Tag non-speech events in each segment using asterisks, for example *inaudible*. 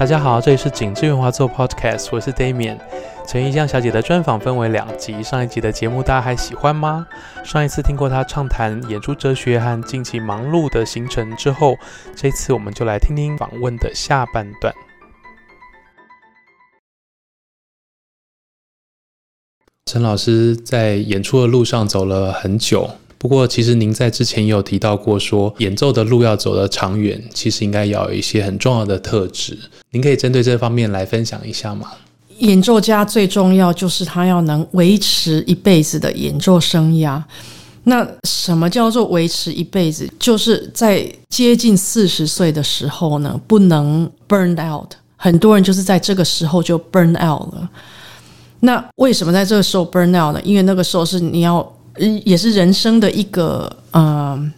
大家好，這裡是緊緻圓滑奏 podcast，我是 Damien。陳毓襄小姐的專訪分為兩集，上一集的節目大家還喜歡嗎？上一次聽過她暢談演出哲學和近期忙碌的行程之後，這次我們就來聽聽訪問的下半段。陳老師在演出的路上走了很久。不過，其實您在之前也有提到過，說演奏的路要走得長遠，其實應該要有一些很重要的特質。您可以針對這方面來分享一下嗎？演奏家最重要就是他要能維持一輩子的演奏生涯。那什麼叫做維持一輩子？就是在接近四十歲的時候呢，不能 burn out。很多人就是在這個時候就 burn out 了。那為什麼在這個時候 burn out 呢？因為那個時候是你要也是人生的一個，嗯、呃，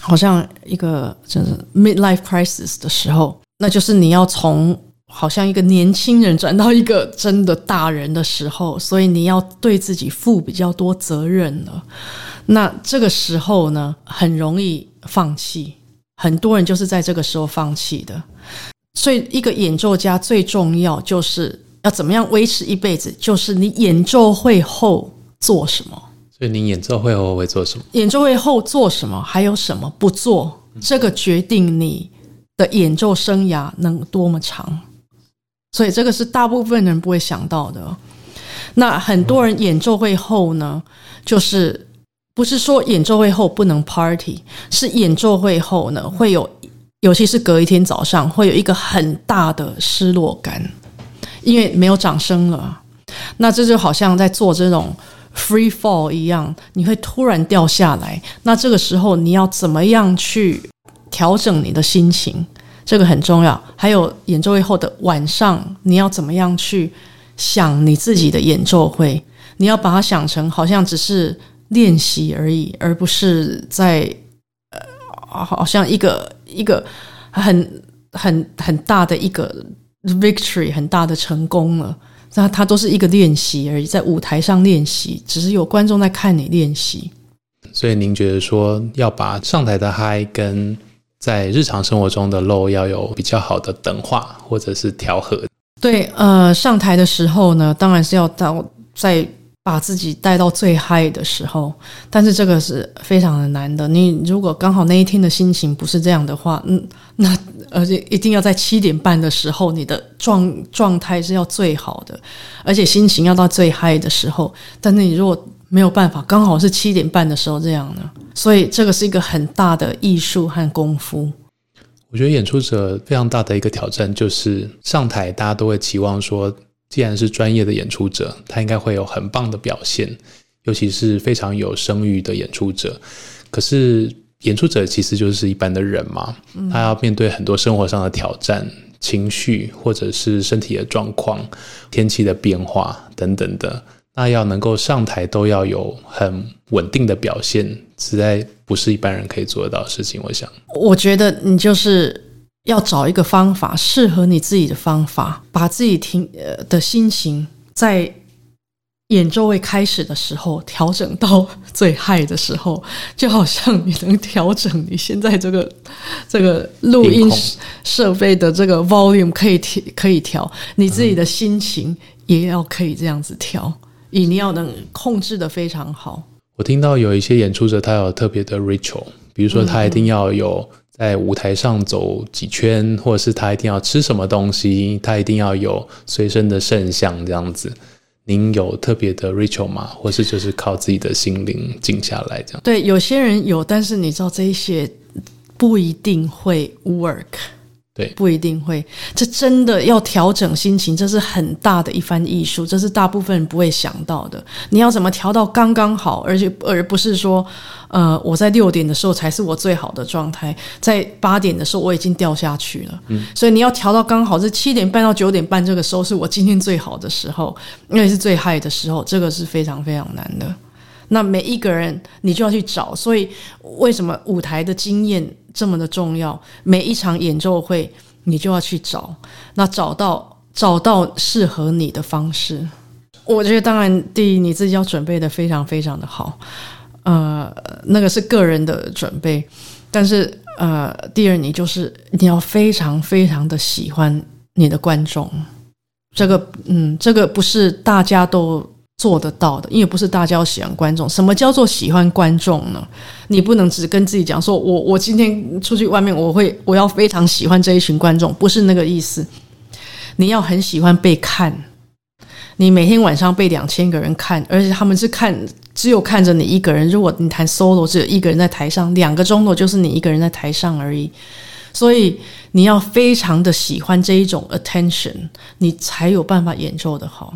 好像一個就是 midlife crisis 的時候，那就是你要從好像一個年輕人轉到一個真的大人的時候，所以你要對自己負比較多責任了。那這個時候呢，很容易放棄，很多人就是在這個時候放棄的。所以，一個演奏家最重要就是要怎麼樣維持一輩子，就是你演奏會後做什麼。所以，您演奏會後會做什麼？演奏會後做什麼？還有什麼不做？嗯、這個決定你的演奏生涯能多麼長。所以，這個是大部分人不會想到的。那很多人演奏會後呢，嗯、就是不是說演奏會後不能 party，是演奏會後呢會有，尤其是隔一天早上會有一個很大的失落感，因為沒有掌聲了。那這就好像在做這種。Free fall 一樣，你會突然掉下來。那這個時候，你要怎麼樣去調整你的心情？這個很重要。還有，演奏會後的晚上，你要怎麼樣去想你自己的演奏會？你要把它想成好像只是練習而已，而不是在呃，好像一個一個很很很大的一個 victory，很大的成功了。那它，它都是一個練習而已，在舞台上練習，只是有觀眾在看你練習。所以您覺得說要把上台的嗨跟在日常生活中的 low 要有比較好的等化或者是調和？對，呃，上台的時候呢，當然是要到在。把自己帶到最嗨的時候，但是這個是非常的難的。你如果剛好那一天的心情不是這樣的話，嗯，那而且一定要在七點半的時候，你的狀狀態是要最好的，而且心情要到最嗨的時候。但是你如果沒有辦法，剛好是七點半的時候這樣呢？所以這個是一個很大的藝術和功夫。我覺得演出者非常大的一個挑戰就是上台，大家都會期望說。既然是專業的演出者，他應該會有很棒的表現，尤其是非常有聲譽的演出者。可是，演出者其實就是一般的人嘛，他要面對很多生活上的挑戰，嗯、情緒或者是身體的狀況、天氣的變化等等的。那要能夠上台，都要有很穩定的表現，實在不是一般人可以做得到的事情。我想，我覺得你就是。要找一個方法，適合你自己的方法，把自己聽呃的心情，在演奏會開始的時候調整到最嗨的時候，就好像你能調整你現在這個這個錄音設備的這個 volume 可以調，可以調，你自己的心情也要可以這樣子調，你、嗯、你要能控制得非常好。我聽到有一些演出者他有特別的 ritual，比如說他一定要有、嗯。在舞台上走幾圈，或者是他一定要吃什麼東西，他一定要有隨身的聖像這樣子。您有特別的 ritual 嗎？或是就是靠自己的心靈靜下來這樣子？對，有些人有，但是你知道，這一些不一定會 work。不一定會，這真的要調整心情，這是很大的一番藝術，這是大部分人不會想到的。你要怎麼調到剛剛好，而且而不是說，呃，我在六點的時候才是我最好的狀態，在八點的時候我已經掉下去了。嗯，所以你要調到剛好是七點半到九點半這個時候是我今天最好的時候，因為是最嗨的時候，這個是非常非常難的。那每一個人你就要去找，所以為什麼舞台的經驗這麼的重要，每一場演奏會你就要去找，那找到找到適合你的方式。我覺得，當然，第一你自己要準備得非常非常的好，呃，那個是個人的準備。但是，呃，第二，你就是你要非常非常的喜歡你的觀眾。這個，嗯，這個不是大家都。做得到的，因為不是大家要喜歡觀眾。什麼叫做喜歡觀眾呢？你不能只跟自己講說，我我今天出去外面，我會我要非常喜歡這一群觀眾，不是那個意思。你要很喜歡被看，你每天晚上被兩千個人看，而且他們是看只有看着你一個人。如果你彈 solo，只有一個人在台上，兩個鐘頭就是你一個人在台上而已。所以你要非常的喜歡這一種 attention，你才有辦法演奏得好。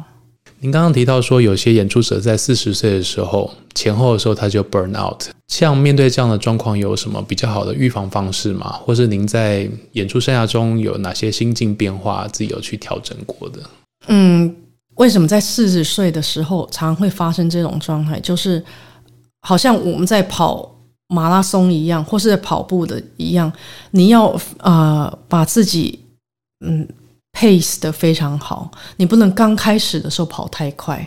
您剛剛提到說，有些演出者在四十歲的時候前後的時候，他就 burn out。像面對這樣的狀況，有什麼比較好的預防方式嗎？或是您在演出生涯中有哪些心境變化，自己有去調整過的？嗯，為什麼在四十歲的時候常會發生這種狀態？就是好像我們在跑馬拉松一樣，或是跑步的一樣，你要啊、呃，把自己嗯。pace 的非常好，你不能剛開始的時候跑太快，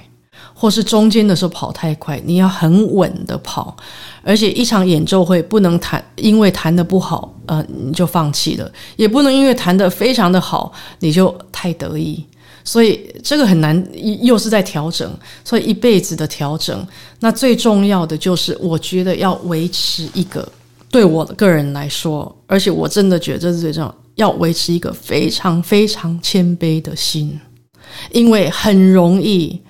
或是中間的時候跑太快，你要很穩的跑。而且一場演奏會不能彈，因為彈的不好，呃，你就放棄了；也不能因為彈的非常的好，你就太得意。所以這個很難，又是在調整，所以一輩子的調整。那最重要的就是，我覺得要維持一個，對我個人來說，而且我真的覺得這是最重要。要維持一個非常非常謙卑的心，因為很容易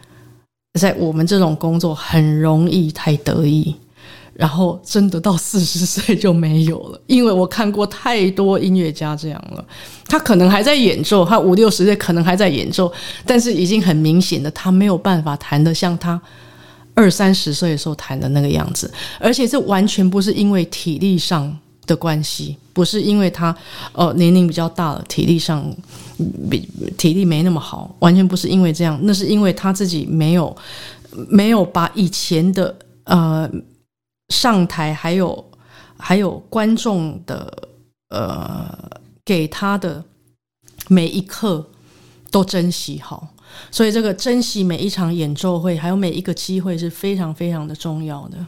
在我們這種工作很容易太得意，然後真的到四十歲就沒有了。因為我看過太多音樂家這樣了，他可能還在演奏，他五六十歲可能還在演奏，但是已經很明顯的他沒有辦法彈得像他二三十歲的時候彈的那個樣子，而且這完全不是因為體力上的關係。不是因為他呃、年齡比較大了，體力上比體力沒那麼好，完全不是因為這樣。那是因為他自己沒有沒有把以前的呃、上台還有還有觀眾的呃、給他的每一刻都珍惜好，所以這個珍惜每一場演奏會還有每一個機會是非常非常的重要的。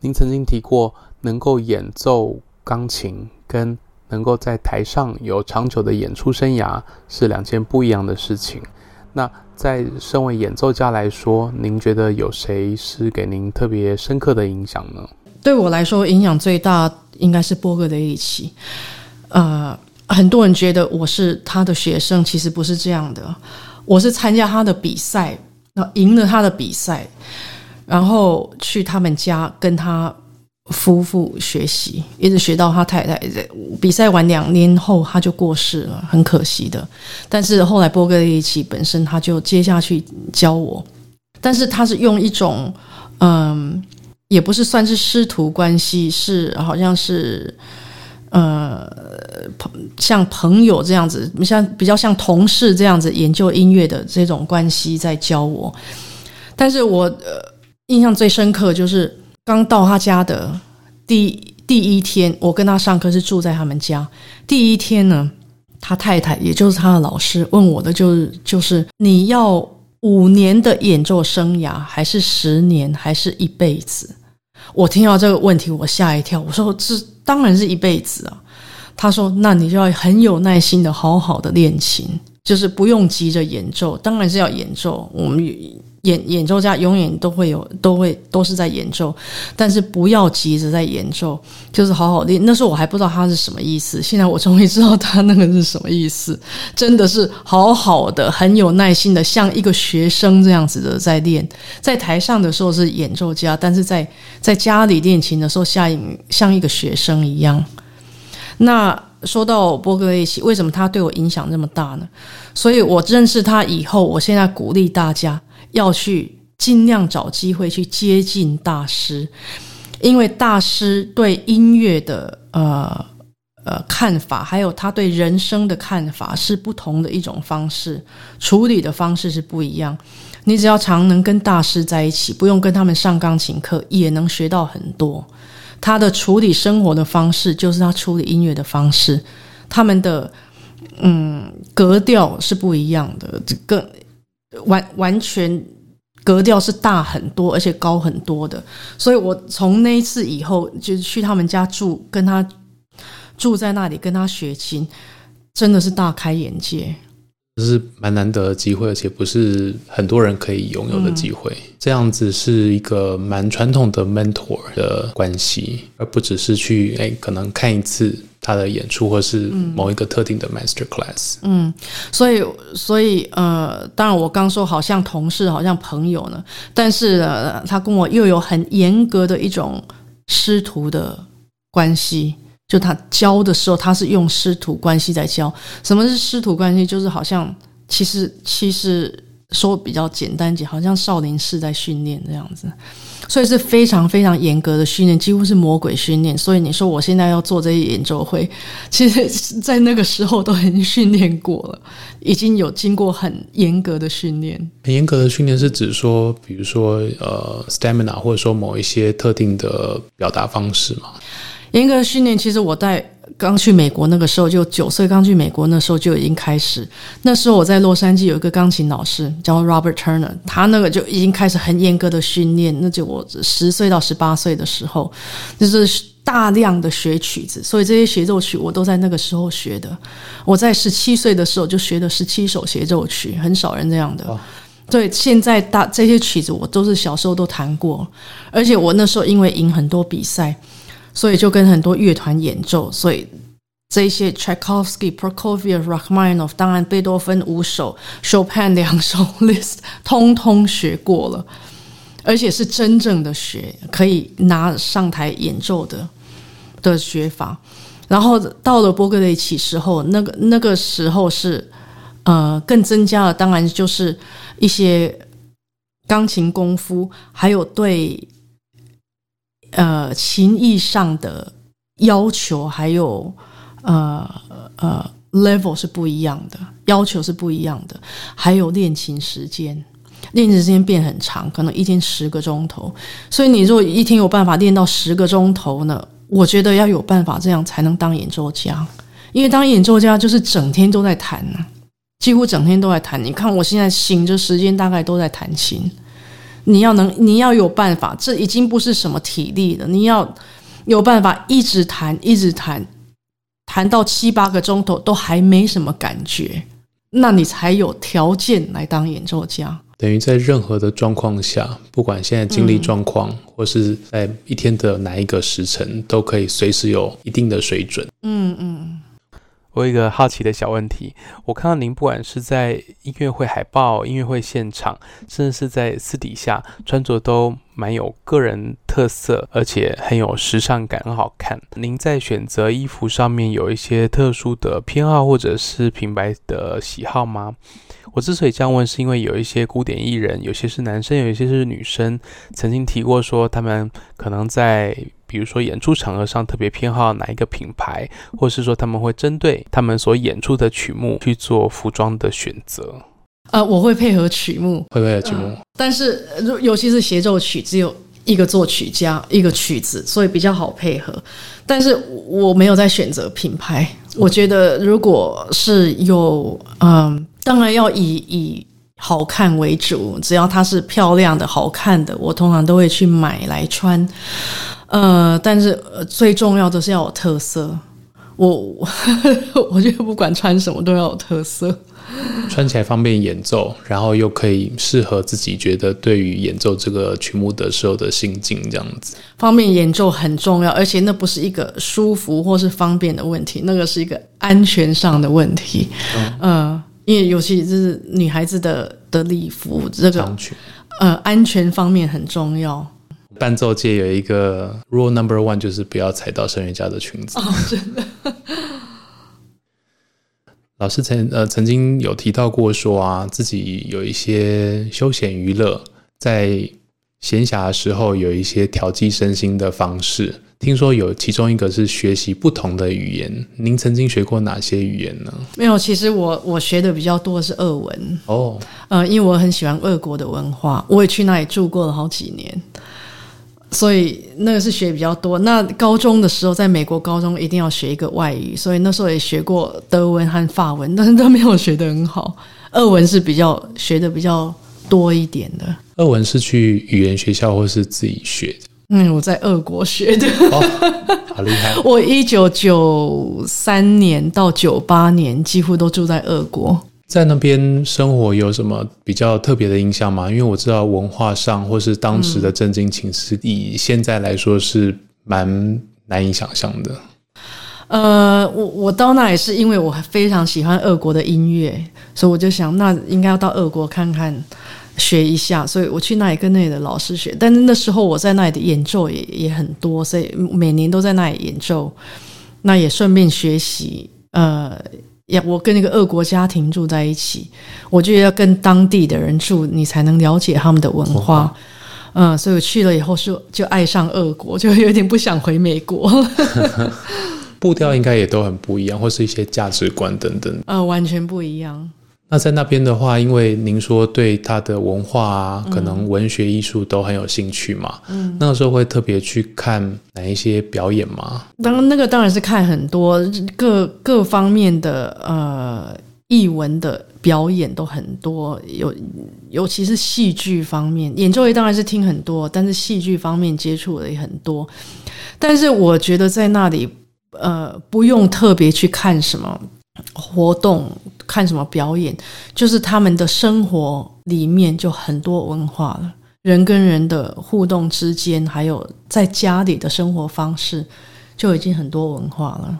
您曾經提過能夠演奏鋼琴。跟能夠在台上有長久的演出生涯是兩件不一樣的事情。那在身為演奏家來說，您覺得有誰是給您特別深刻的影響呢？對我來說，影響最大應該是波哥雷里奇。呃，很多人覺得我是他的學生，其實不是這樣的。我是參加他的比賽，那贏了他的比賽，然後去他們家跟他夫婦學習，一直學到他太太在比賽完兩年後，他就過世了，很可惜的。但是後來波哥雷里奇本身他就接下去教我，但是他是用一種嗯，也不是算是師徒關係，是好像是呃、嗯，像朋友這樣子，像比較像同事這樣子研究音樂的這種關係在教我。但是我呃、嗯、印象最深刻就是。剛到他家的第一第一天，我跟他上課是住在他們家。第一天呢，他太太也就是他的老師問我的就是就是你要五年的演奏生涯，還是十年，還是一輩子？我聽到這個問題，我嚇一跳。我說這當然是一輩子啊。他說：“那你就要很有耐心的，好好的練琴，就是不用急着演奏，當然是要演奏。”我們。演演奏家永遠都會有，都會，都是在演奏，但是不要急着在演奏，就是好好練。那時候我還不知道他是什麼意思，現在我終於知道他那個是什麼意思。真的是好好的，很有耐心的，像一個學生這樣子的在練。在台上的時候是演奏家，但是在在家裡練琴的時候像，下影像一個學生一樣。那說到波哥雷里奇，為什麼他對我影響那麼大呢？所以我認識他以後，我現在鼓勵大家。要去盡量找機會去接近大師，因為大師對音樂的呃呃看法，還有他對人生的看法是不同的一種方式，處理的方式是不一樣。你只要常能跟大師在一起，不用跟他們上鋼琴課，也能學到很多。他的處理生活的方式，就是他處理音樂的方式，他們的嗯格調是不一樣的，這個。完完全格調是大很多，而且高很多的。所以我從那一次以後，就是去他們家住，跟他住在那裡，跟他學琴，真的是大開眼界。這是蠻難得的機會，而且不是很多人可以擁有的機會。嗯。這樣子是一個蠻傳統的 mentor 的關係，而不只是去誒、欸，可能看一次。他的演出，或是某一個特定的 master class。嗯，所以，所以，呃，當然，我剛說好像同事，好像朋友呢，但是呢，他跟我又有很嚴格的一種師徒的關係。就他教的時候，他是用師徒關係在教。什麼是師徒關係？就是好像，其實，其實說比較簡單一點，好像少林寺在訓練這樣子。所以是非常非常嚴格的訓練，幾乎是魔鬼訓練。所以你說我現在要做這些演奏會，其實在那個時候都已經訓練過了，已經有經過很嚴格的訓練。很嚴格的訓練是指說，比如說呃，stamina，或者說某一些特定的表達方式嗎？嚴格的訓練其實我在。剛去美國那個時候，就九歲剛去美國那時候就已經開始。那時候我在洛杉磯有一個鋼琴老師叫 Robert Turner，他那個就已經開始很嚴格的訓練。那就我十歲到十八歲的時候，就是大量的學曲子，所以這些協奏曲我都在那個時候學的。我在十七歲的時候就學的十七首協奏曲，很少人這樣的。對，現在大這些曲子我都是小時候都彈過，而且我那時候因為贏很多比賽。所以就跟很多樂團演奏，所以這些 Tchaikovsky、Prokofiev、Rachmaninoff，當然貝多芬五首，Chopin 兩首，Liszt *laughs* 通通學過了，而且是真正的學，可以拿上台演奏的的學法。然後到了波哥雷里奇時候，那個那個時候是呃，更增加了，當然就是一些鋼琴功夫，還有對。呃，琴藝上的要求還有呃呃 level 是不一樣的，要求是不一樣的，還有練琴時間，練琴時間變很長，可能一天十個鐘頭。所以你如果一天有辦法練到十個鐘頭呢，我覺得要有辦法這樣才能當演奏家，因為當演奏家就是整天都在彈，幾乎整天都在彈。你看我現在醒着時間大概都在彈琴。你要能，你要有辦法，這已經不是什麼體力了。你要有辦法一直彈，一直彈，彈到七八個鐘頭都還沒什麼感覺，那你才有條件來當演奏家。等於在任何的狀況下，不管現在精力狀況，嗯、或是在一天的哪一個時辰，都可以隨時有一定的水準。嗯嗯。我有一個好奇的小問題，我看到您不管是在音樂會海報、音樂會現場，甚至是在私底下，穿着都蠻有個人特色，而且很有時尚感，很好看。您在選擇衣服上面有一些特殊的偏好，或者是品牌的喜好嗎？我之所以這樣問，是因為有一些古典藝人，有些是男生，有些是女生，曾經提過說他們可能在。比如說，演出場合上特別偏好哪一個品牌，或是說他們會針對他們所演出的曲目去做服裝的選擇。呃，我會配合曲目，會配合曲目、呃。但是，尤其是協奏曲，只有一個作曲家，一個曲子，所以比較好配合。但是我沒有在選擇品牌。我覺得，如果是有，嗯、呃，當然要以以好看為主，只要它是漂亮的好看的，我通常都會去買來穿。呃，但是，呃，最重要的是要有特色。我我，我覺得不管穿什麼都要有特色，穿起來方便演奏，然後又可以適合自己覺得對於演奏這個曲目的時候的心境這樣子。方便演奏很重要，而且那不是一個舒服或是方便的問題，那個是一個安全上的問題。嗯，呃，因為尤其是女孩子的的禮服，這個安全呃安全方面很重要。伴奏界有一個 rule number one 就是不要踩到聲樂家的裙子。哦，真的。 *laughs* 老師曾呃曾經有提到過說啊，自己有一些休閒娛樂，在閒暇的時候有一些調劑身心的方式。聽說有其中一個是學習不同的語言。您曾經學過哪些語言呢？沒有，其實我我學的比較多是俄文。哦、oh.，呃，因為我很喜歡俄國的文化，我也去那裡住過了好幾年。所以那個是學比較多。那高中的時候，在美國高中一定要學一個外語，所以那時候也學過德文和法文，但是都沒有學得很好。俄文是比較學得比較多一點的。俄文是去語言學校，或是自己學的？嗯，我在俄國學的。哦、好厲害！ *laughs* 我一九九三年到九八年，幾乎都住在俄國。在那邊生活有什麼比較特別的印象嗎？因為我知道文化上或是當時的政經情勢，嗯，以現在來說是蠻難以想象的。呃，我我到那也是因為我非常喜歡俄國的音樂，所以我就想那應該要到俄國看看，學一下。所以我去那裡跟那裡的老師學。但是那時候我在那裡的演奏也也很多，所以每年都在那裡演奏，那也順便學習。呃。呀，我跟那個俄國家庭住在一起，我就要跟當地的人住，你才能了解他們的文化。哦、哦、嗯，所以我去了以後，說就愛上俄國，就有點不想回美國。 *laughs* 步調應該也都很不一樣，或是一些價值觀等等。呃，完全不一樣。那在那邊的話，因為您說對他的文化啊，可能文學藝術都很有興趣嘛，嗯、那個時候會特別去看哪一些表演嗎？當、嗯、那個當然是看很多各各方面的呃藝文的表演都很多，有尤其是戲劇方面，演奏會當然是聽很多，但是戲劇方面接觸的也很多。但是我覺得在那裡呃，不用特別去看什麼。活動看什麼表演，就是他們的生活裡面就很多文化了。人跟人的互動之間，還有在家裡的生活方式，就已經很多文化了。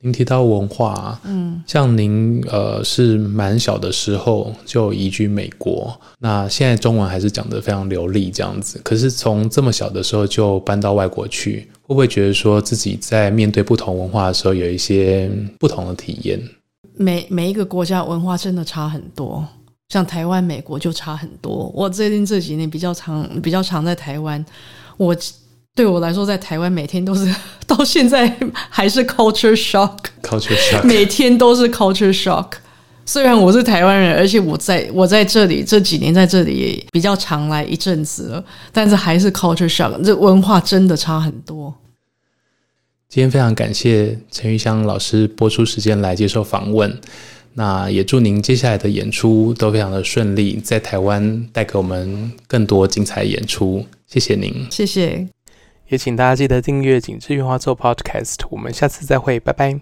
您提到文化啊，嗯，像您呃是蠻小的時候就移居美國，那現在中文還是講得非常流利這樣子。可是從這麼小的時候就搬到外國去，會不會覺得說自己在面對不同文化的時候有一些不同的體驗？每每一個國家文化真的差很多，像台灣、美國就差很多。我最近這幾年比較常比較常在台灣，我。對我來說，在台灣每天都是，到現在還是 culture shock，culture shock *laughs* 每天都是 culture shock。雖然我是台灣人，而且我在我在這裡這幾年在這裡也比較常來一陣子了，但是還是 culture shock，這文化真的差很多。今天非常感謝陳毓襄老師撥出時間來接受訪問，那也祝您接下來的演出都非常的順利，在台灣帶給我們更多精彩演出，謝謝您，謝謝。也請大家記得訂閱《緊緻圓滑奏》podcast，我們下次再會，拜拜。